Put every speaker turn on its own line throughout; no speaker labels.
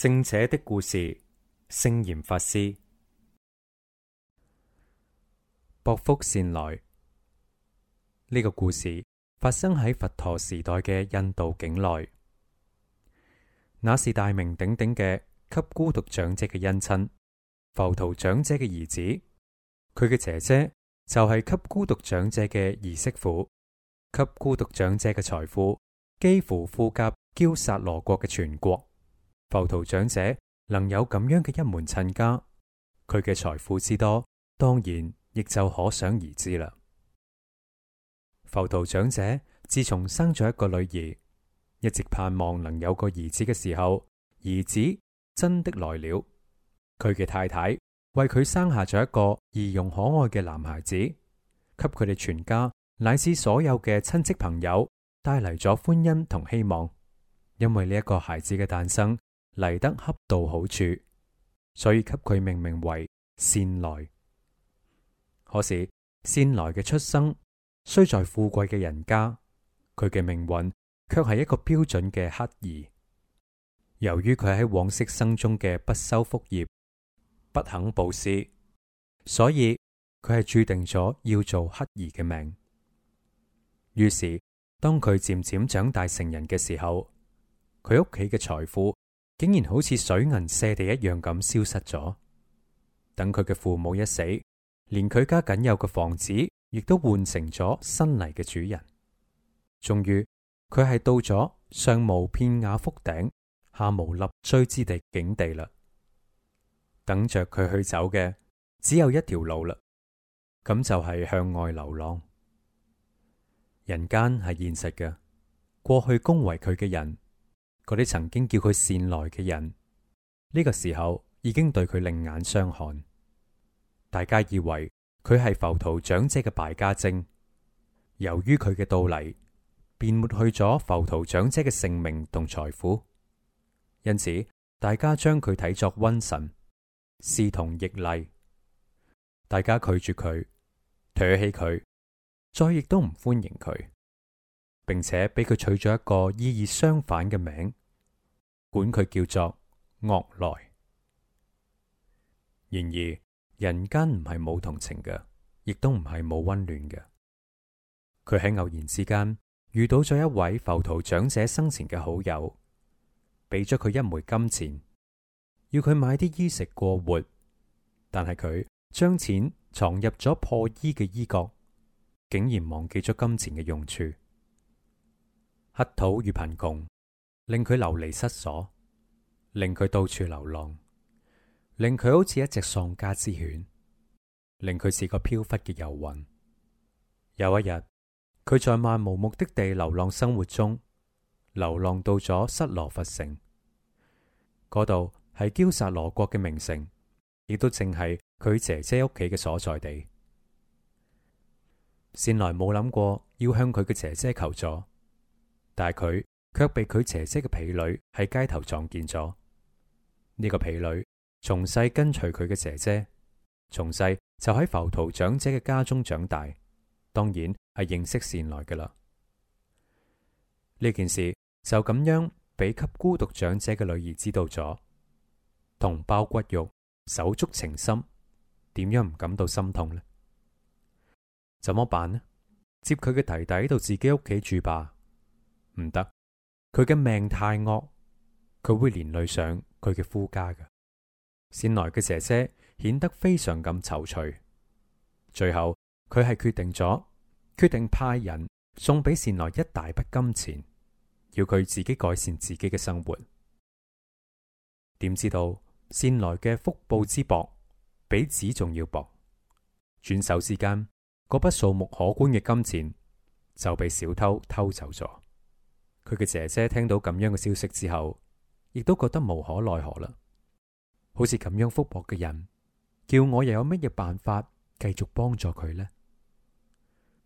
聖者的故事，聖嚴法師。薄福善來，呢、這個故事發生喺佛陀時代嘅印度境內。那是大名鼎鼎嘅給孤獨長者嘅恩親，浮陀長者嘅兒子，佢嘅姐姐就係給孤獨長者嘅兒媳婦，給孤獨長者嘅財富幾乎富甲，嬌薩羅國嘅全國。浮屠長者能有咁樣嘅一門親家，佢嘅財富之多，當然亦就可想而知啦。浮屠長者自從生咗一個女兒，一直盼望能有個兒子嘅時候，兒子真的來了。佢嘅太太為佢生下咗一個儀容可愛嘅男孩子，給佢哋全家乃至所有嘅親戚朋友帶嚟咗歡欣同希望，因為呢一個孩子嘅誕生。嚟得恰到好處，所以給佢命名為善來。可是善來嘅出生雖在富貴嘅人家，佢嘅命運卻係一個標準嘅乞兒。由於佢喺往昔生中嘅不修福業，不肯布施，所以佢係注定咗要做乞兒嘅命。於是當佢漸漸長大成人嘅時候，佢屋企嘅財富。竟然好似水銀瀉地一樣咁消失咗。等佢嘅父母一死，連佢家僅有嘅房子亦都換成咗新嚟嘅主人。終於，佢係到咗上無片瓦覆頂，下無立錐之地境地啦。等着佢去走嘅只有一條路啦，咁就係向外流浪。人間係現實嘅，過去恭維佢嘅人。嗰啲曾經叫佢善來嘅人，呢、這個時候已經對佢另眼相看。大家以為佢係浮屠長者嘅敗家精，由於佢嘅到嚟，便抹去咗浮屠長者嘅性命同財富。因此，大家將佢睇作瘟神，視同逆例。大家拒絕佢，唾棄佢，再亦都唔歡迎佢，並且俾佢取咗一個意義相反嘅名。管佢叫做惡來。然而人間唔係冇同情嘅，亦都唔係冇溫暖嘅。佢喺偶然之間遇到咗一位浮屠長者生前嘅好友，俾咗佢一枚金錢，要佢買啲衣食過活。但係佢將錢藏入咗破衣嘅衣角，竟然忘記咗金錢嘅用處。乞討與貧窮。令佢流離失所，令佢到處流浪，令佢好似一隻喪家之犬，令佢似個飄忽嘅遊魂。有一日，佢在漫無目的地流浪生活中，流浪到咗失羅佛城，嗰度係嬌薩羅國嘅名城，亦都正係佢姐姐屋企嘅所在地。善來冇諗過要向佢嘅姐姐求助，但係佢，卻被佢姐姐嘅婢女喺街頭撞見咗。呢個婢女從細跟隨佢嘅姐姐，從細就喺浮屠長者嘅家中長大，當然係認識善來噶啦。呢件事就咁樣俾給孤獨長者嘅女兒知道咗，同胞骨肉手足情深，點樣唔感到心痛呢？怎麼辦呢？接佢嘅弟弟到自己屋企住吧？唔得。佢嘅命太惡，佢會連累上佢嘅夫家嘅。善來嘅姐姐顯得非常咁躊躇，最後佢係決定咗，決定派人送俾善來一大筆金錢，要佢自己改善自己嘅生活。點知道善來嘅福報之薄，比紙仲要薄。轉手之間，嗰筆數目可觀嘅金錢就被小偷偷走咗。佢嘅姐姐聽到咁樣嘅消息之後，亦都覺得無可奈何啦。好似咁樣福薄嘅人，叫我又有乜嘢辦法繼續幫助佢呢？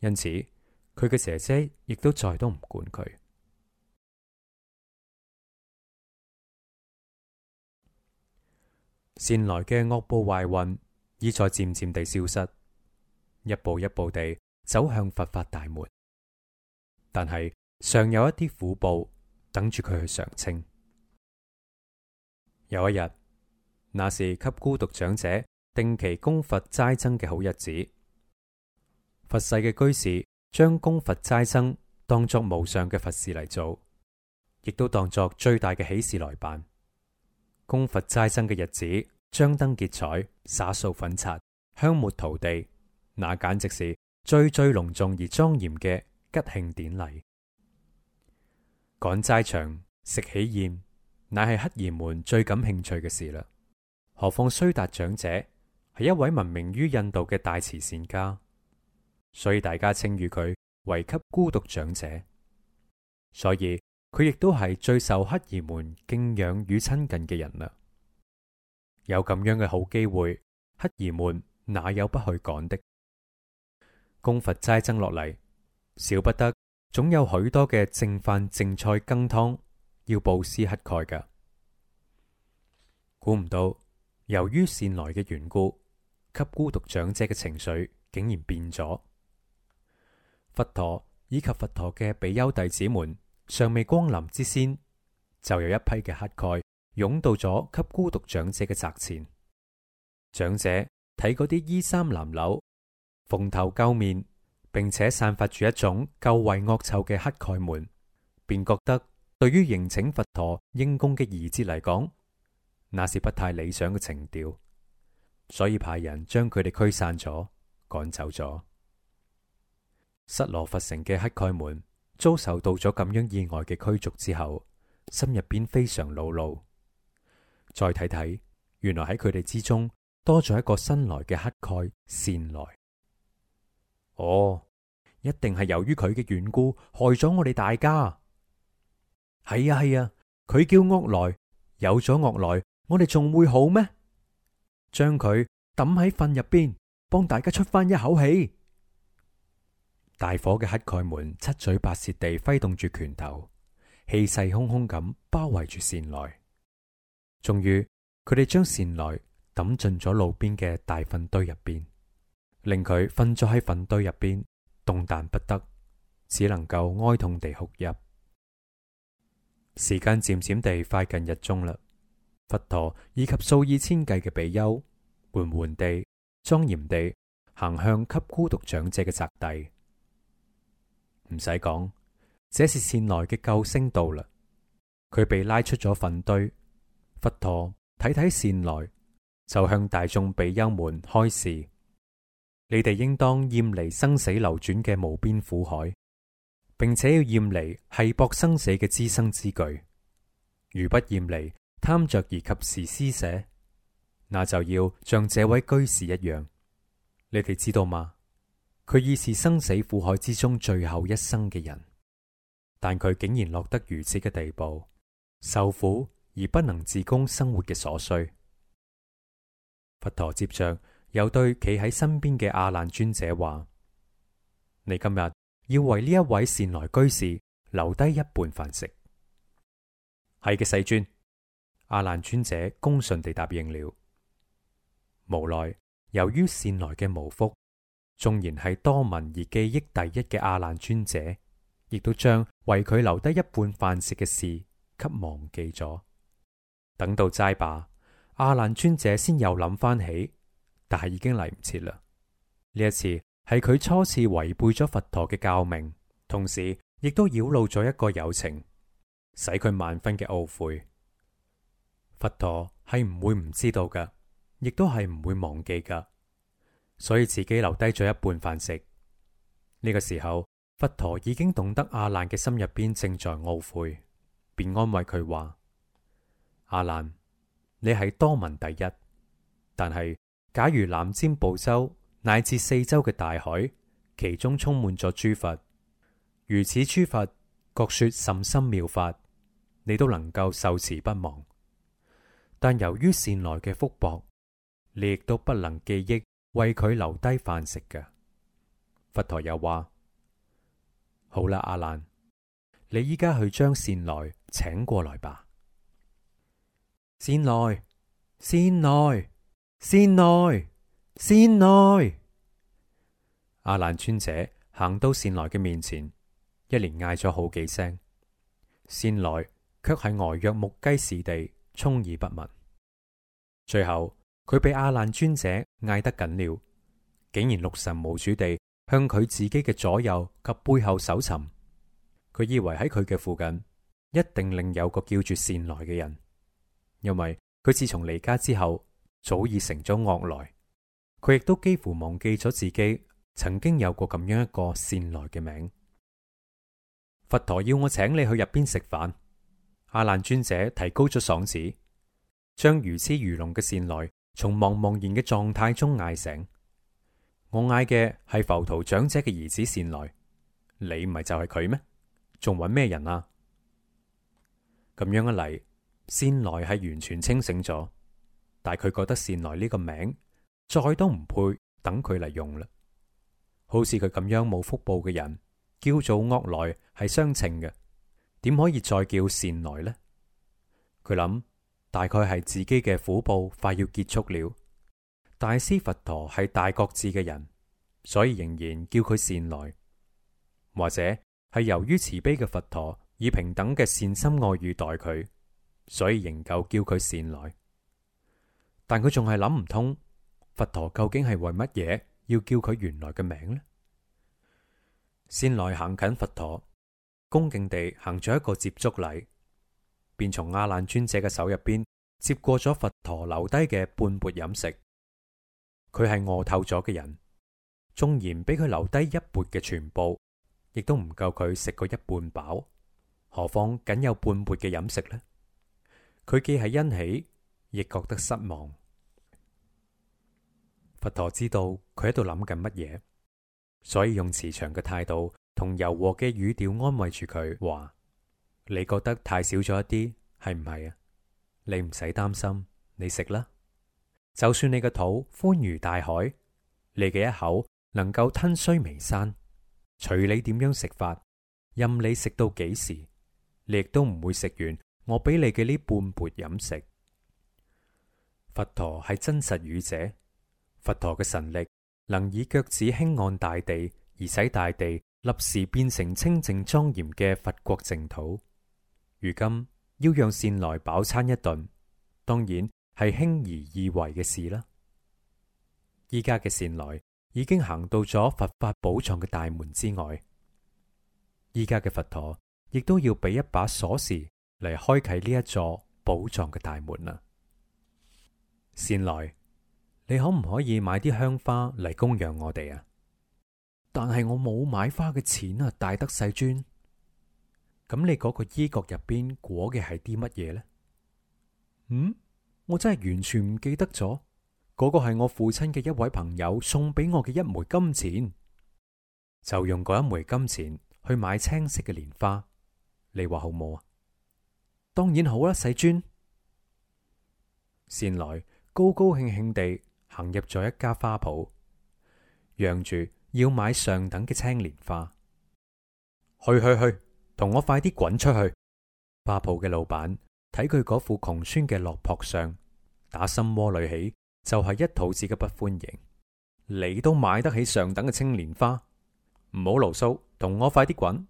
因此，佢嘅姐姐亦都再都唔管佢。善來嘅惡報壞運，已在漸漸地消失，一步一步地走向佛法大門。但係。尚有一啲苦報等住佢去償清。有一日，那是給孤獨長者定期供佛齋僧嘅好日子。佛世嘅居士將供佛齋僧當作無上嘅佛事嚟做，亦都當作最大嘅喜事來辦。供佛齋僧嘅日子張燈結綵、灑掃粉刷、香末塗地，那簡直是最最隆重而莊嚴嘅吉慶典禮。趕齋場食喜宴，乃係乞兒們最感興趣嘅事啦。何況須達長者係一位聞名於印度嘅大慈善家，所以大家稱譽佢為給孤獨長者。所以佢亦都係最受乞兒們敬仰與親近嘅人啦。有咁樣嘅好機會，乞兒們哪有不去趕的？供佛齋僧落嚟，少不得。總有許多嘅剩飯、剩菜、羹湯要布施乞丐嘅。估唔到，由於善來嘅緣故，給孤獨長者嘅情緒竟然變咗。佛陀以及佛陀嘅比丘弟子們尚未光臨之先，就有一批嘅乞丐湧到咗給孤獨長者嘅宅前。長者睇嗰啲衣衫襤褸、蓬頭垢面。並且散發住一種夠穢惡臭嘅乞丐們，便覺得對於迎請佛陀應供嘅儀式嚟講，那是不太理想嘅情調，所以派人將佢哋驅散咗，趕走咗。失羅佛城嘅乞丐們遭受到咗咁樣意外嘅驅逐之後，心入邊非常惱怒。再睇睇，原來喺佢哋之中多咗一個新來嘅乞丐善來。哦。一定係由於佢嘅緣故，害咗我哋大家。係啊係啊，佢、啊、叫惡來，有咗惡來，我哋仲會好咩？將佢抌喺糞入邊，幫大家出翻一口氣。大夥嘅乞丐們七嘴八舌地揮動住拳頭，氣勢洶洶咁包圍住善來。終於，佢哋將善來抌進咗路邊嘅大糞堆入邊，令佢瞓咗喺糞堆入邊。動彈不得，只能夠哀痛地哭泣。時間漸漸地快近日中嘞。佛陀以及數以千計嘅比丘，緩緩地、莊嚴地行向給孤獨長者嘅宅邸。唔使講，這是善來嘅救星到啦。佢被拉出咗墳堆，佛陀睇睇善來，就向大眾比丘們開示。你哋應當厭離生死流轉嘅無邊苦海，並且要厭離係博生死嘅資生之具。如不厭離，貪着而及時施捨，那就要像這位居士一樣。你哋知道嗎？佢已是生死苦海之中最後一生嘅人，但佢竟然落得如此嘅地步，受苦而不能自供生活嘅所需。佛陀接着，有對企喺身邊嘅阿難尊者話：「你今日要為呢一位善來居士留低一半飯食，係嘅，世尊。阿難尊者恭順地答應了。無奈由於善來嘅無福，縱然係多聞而記憶第一嘅阿難尊者，亦都將為佢留低一半飯食嘅事給忘記咗。等到齋罷，阿難尊者先又諗翻起。但係已經嚟唔切啦。呢一次係佢初次違背咗佛陀嘅教命，同時亦都擾亂咗一個友情，使佢萬分嘅懊悔。佛陀係唔會唔知道噶，亦都係唔會忘記噶，所以自己留低咗一半飯食。呢、呢個時候，佛陀已經懂得阿難嘅心入邊正在懊悔，便安慰佢話，阿難，你係多聞第一，但係。假如南瞻部洲乃至四周嘅大海，其中充滿咗諸佛，如此諸佛各說甚深妙法，你都能夠受持不忘。但由於善來嘅福薄，你亦都不能記憶為佢留低飯食嘅。佛陀又話：好啦，阿難，你依家去將善來請過來吧。善來，善來。善來，善來。阿蘭尊者行到善來嘅面前，一連嗌咗好幾聲，善來卻係呆若木雞，似地充耳不聞。最後佢被阿蘭尊者嗌得緊了，竟然六神無主地向佢自己嘅左右及背後搜尋。佢以為喺佢嘅附近一定另有個叫住善來嘅人，因為佢自從離家之後。早已成咗惡來，佢亦都幾乎忘記咗自己曾經有過咁樣一個善來嘅名。佛陀要我請你去入邊食飯。阿難尊者提高咗嗓子，將如癡如聾嘅善來從茫茫然嘅狀態中嗌醒。我嗌嘅係佛陀長者嘅兒子善來，你唔係就係佢咩？仲搵咩人啊？咁樣一嚟，善來係完全清醒咗。但佢覺得善來呢個名再都唔配等佢嚟用嘞。好似佢咁樣冇福報嘅人，叫做惡來係相稱嘅，點可以再叫善來呢？佢諗大概係自己嘅苦報快要結束了，大師佛陀係大覺智嘅人，所以仍然叫佢善來，或者係由於慈悲嘅佛陀以平等嘅善心愛語待佢，所以仍舊叫佢善來。但佢仲係諗唔通，佛陀究竟係為乜嘢要叫佢原來嘅名呢？善來行近佛陀，恭敬地行咗一個接足禮，便從阿難尊者嘅手入邊接過咗佛陀留低嘅半缽飲食。佢係餓透咗嘅人，縱然俾佢留低一缽嘅全部，亦都唔夠佢食個一半飽，何況僅有半缽嘅飲食呢？佢既係欣喜，亦覺得失望。佛陀知道佢喺度諗緊乜嘢，所以用慈祥嘅態度同柔和嘅語調安慰住佢，話：你覺得太少咗一啲，係唔係啊？你唔使擔心，你食啦。就算你嘅肚寬如大海，你嘅一口能夠吞須彌山，隨你點樣食法，任你食到幾時，你亦都唔會食完我俾你嘅呢半缽飲食。佛陀係真實語者，佛陀嘅神力能以腳趾輕按大地，而使大地立時變成清淨莊嚴嘅佛國淨土。如今要讓善來飽餐一頓，當然係輕而易為嘅事啦。依家嘅善來已經行到咗佛法寶藏嘅大門之外，依家嘅佛陀亦都要俾一把鎖匙嚟開啟呢一座寶藏嘅大門啦。善來，你可唔可以買啲香花嚟供養我哋啊？但係我冇買花嘅錢啊，大德世尊。咁你嗰個衣角入邊裹嘅係啲乜嘢呢？嗯，我真係完全唔記得咗。嗰、嗰個係我父親嘅一位朋友送俾我嘅一枚金錢，就用嗰一枚金錢去買青色嘅蓮花。你話好冇啊？當然好啦，啊，世尊。善來。高高興興地行入咗一家花圃，讓住要買上等嘅青蓮花。去去去，同我快啲滾出去！花圃嘅老闆睇佢嗰副窮酸嘅落魄相，打心窩裏起就係、是、一肚子嘅不歡迎。你都買得起上等嘅青蓮花，唔好牢騷，同我快啲滾，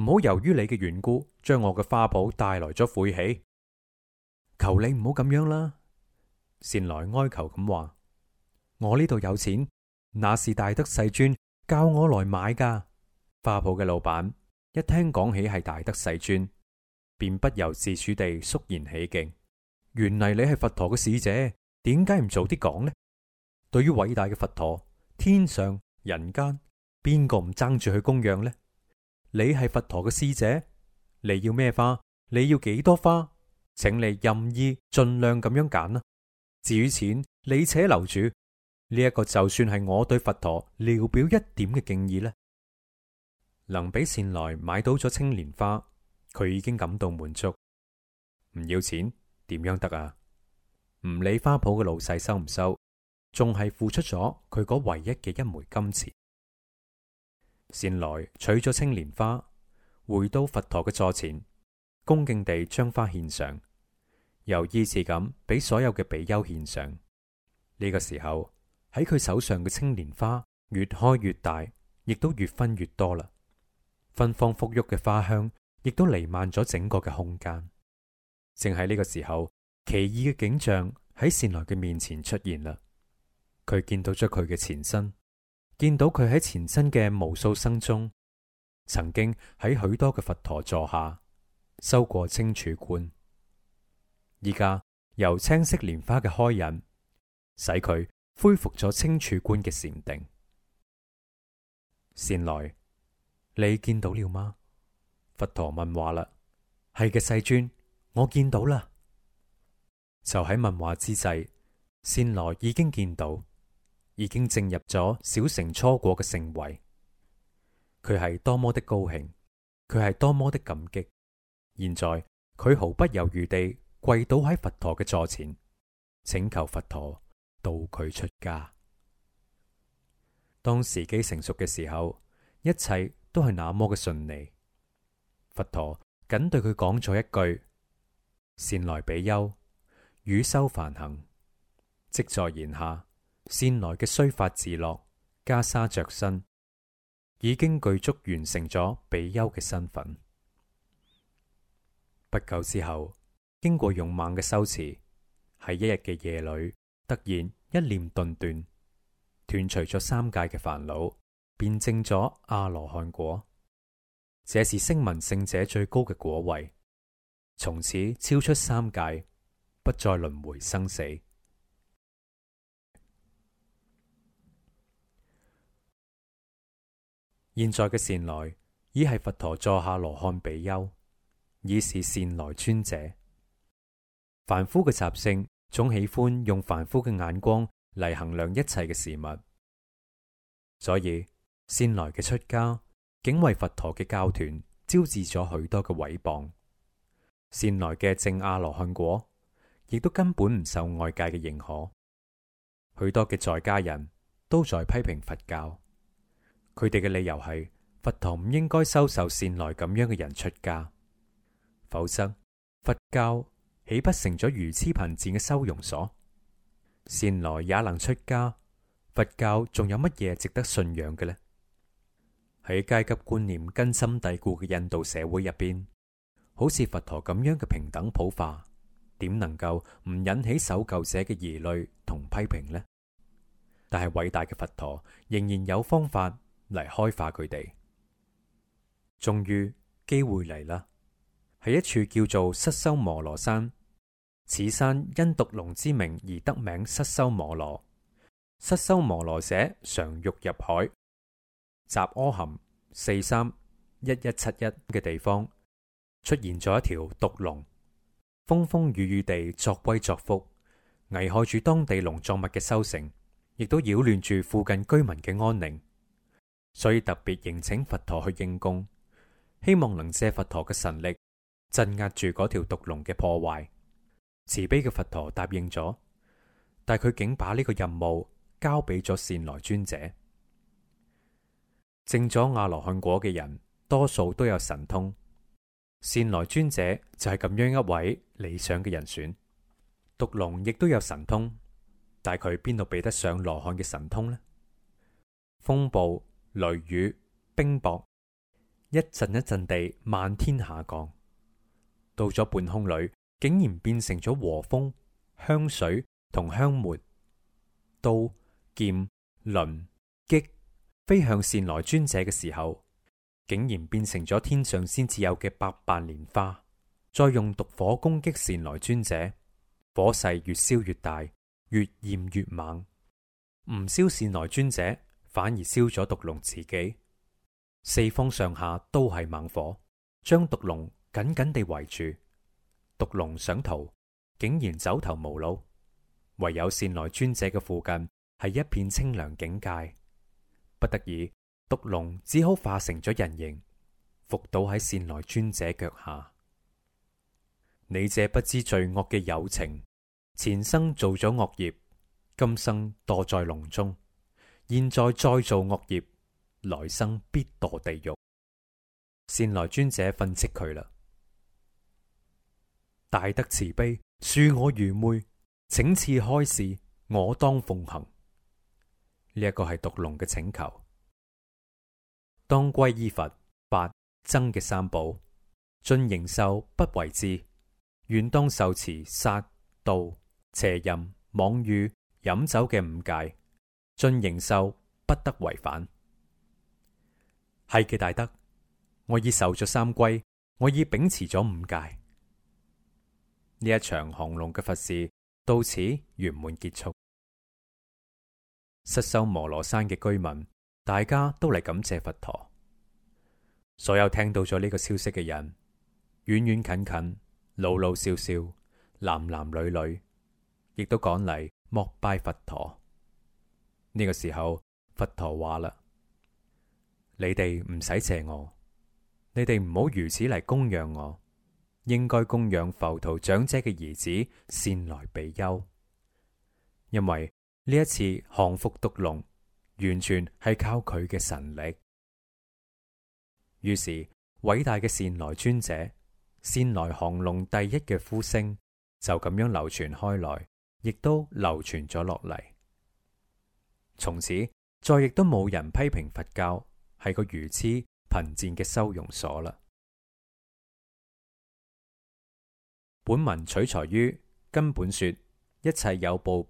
唔好由於你嘅緣故，將我嘅花圃帶來咗晦氣。求你唔好咁樣啦！善來哀求咁話：我呢度有錢，那是大德世尊教我來買噶。花鋪嘅老闆一聽講起係大德世尊，便不由自主地肅然起敬。原嚟你係佛陀嘅使者，點解唔早啲講呢？對於偉大嘅佛陀，天上人間邊個唔爭住去供養呢？你係佛陀嘅使者，你要咩花？你要幾多花？請你任意盡量咁樣揀啦啊。至於錢，你且留住呢一個，就算係我對佛陀聊表一點嘅敬意呢。能俾善來買到咗青蓮花，佢已經感到滿足。唔要錢點樣得啊？唔理花圃嘅老細收唔收，仲係付出咗佢嗰唯一嘅一枚金錢。善來取咗青蓮花，回到佛陀嘅座前，恭敬地將花獻上。由依次咁俾所有嘅比丘獻上。呢個時候，喺佢手上嘅青蓮花越開越大，亦都越分越多啦。芬芳馥郁嘅花香亦都彌漫咗整個嘅空間。正喺呢個時候，奇異嘅景象喺善來嘅面前出現啦。佢見到咗佢嘅前身，見到佢喺前身嘅無數生中，曾經喺許多嘅佛陀座下修過清柱觀。依家由青色蓮花嘅開引，使佢恢復咗青處觀嘅禪定。善來，你見到了嗎？佛陀問話啦。係嘅，世尊，我見到啦。就喺問話之際，善來已經見到，已經進入咗小乘初果嘅聖位。佢係多麼的高興，佢係多麼的感激。現在佢毫不猶豫地。跪倒喺佛陀嘅座前，請求佛陀導佢出家。當時機成熟嘅時候，一切都係那麼嘅順利。佛陀僅對佢講咗一句：善來比丘，汝修梵行，即在言下，善來嘅鬚髮自落，袈裟着身，已經具足完成咗比丘嘅身份。不久之後。經過勇猛嘅修持，喺一日嘅夜裏，突然一念頓斷，斷除咗三界嘅煩惱，便證咗阿羅漢果。這是聲聞聖者最高嘅果位，從此超出三界，不再輪回生死。現在嘅善來已係佛陀座下羅漢比丘，已是善來尊者。凡夫嘅習性總喜歡用凡夫嘅眼光嚟衡量一切嘅事物，所以善來嘅出家竟為佛陀嘅教團招致咗許多嘅毀謗。善來嘅正阿羅漢果亦都根本唔受外界嘅認可，許多嘅在家人都在批評佛教，佢哋嘅理由係佛陀唔應該收受善來咁樣嘅人出家，否則佛教。豈不成咗愚痴貧賤嘅收容所？善來也能出家，佛教仲有乜嘢值得信仰嘅呢？喺階級觀念根深蒂固嘅印度社會入邊，好似佛陀咁樣嘅平等普化，點能夠唔引起守舊者嘅疑慮同批評呢？但係偉大嘅佛陀仍然有方法嚟開化佢哋。終於機會嚟啦，喺一處叫做失修摩羅山。此山因毒龍之名而得名，失收摩羅。失收摩羅者常欲入海，雜阿含四三一一七一嘅地方出現咗一條毒龍，風風雨雨地作威作福，危害住當地農作物嘅收成，亦都擾亂住附近居民嘅安寧。所以特別迎請佛陀去應供，希望能借佛陀嘅神力鎮壓住嗰條毒龍嘅破壞。慈悲嘅佛陀答應咗，但佢竟把呢個任務交俾咗善來尊者。證咗阿羅漢果嘅人，多數都有神通。善來尊者就係咁樣一位理想嘅人選。毒龍亦都有神通，但佢邊度比得上羅漢嘅神通呢？風暴、雷雨、冰雹，一陣一陣地漫天下降，到咗半空裏。竟然變成咗和風、香水同香末。刀劍輪擊飛向善來尊者嘅時候，竟然變成咗天上先至有嘅百瓣蓮花。再用毒火攻擊善來尊者，火勢越燒越大，越燃越猛。唔燒善來尊者，反而燒咗毒龍自己。四方上下都係猛火，將毒龍緊緊地圍住。毒龍想逃，竟然走投無路，唯有善來尊者嘅附近係一片清涼境界，不得已，毒龍只好化成咗人形，伏倒喺善來尊者腳下。你這不知罪惡嘅有情，前生做咗惡業，今生墮在龍中，現在再做惡業，來生必墮地獄。善來尊者訓斥佢啦。大德慈悲，恕我愚昧，請賜開示，我當奉行。呢、這、一個係毒龍嘅請求。當歸依佛法僧嘅三寶，盡形壽不為之，願當受持殺盜邪淫妄語，妄語飲酒嘅五戒，盡形壽不得違反。係嘅，大德，我已受咗三歸，我已秉持咗五戒。呢一場降龍嘅佛事到此圓滿結束。失收摩羅山嘅居民，大家都嚟感謝佛陀。所有聽到咗呢個消息嘅人，遠遠近近、老老少少、男男女女，亦都趕嚟膜拜佛陀。呢個時候，佛陀話啦：你哋唔使謝我，你哋唔好如此嚟供養我。應該供養浮屠長者嘅兒子善來比丘，因為呢一次降伏毒龍，完全係靠佢嘅神力。於是偉大嘅善來尊者，善來降龍第一嘅呼聲就咁樣流傳開來，亦都流傳咗落嚟。從此再亦都冇人批評佛教係個愚痴貧賤嘅收容所啦。本文取材於根本說一切有部。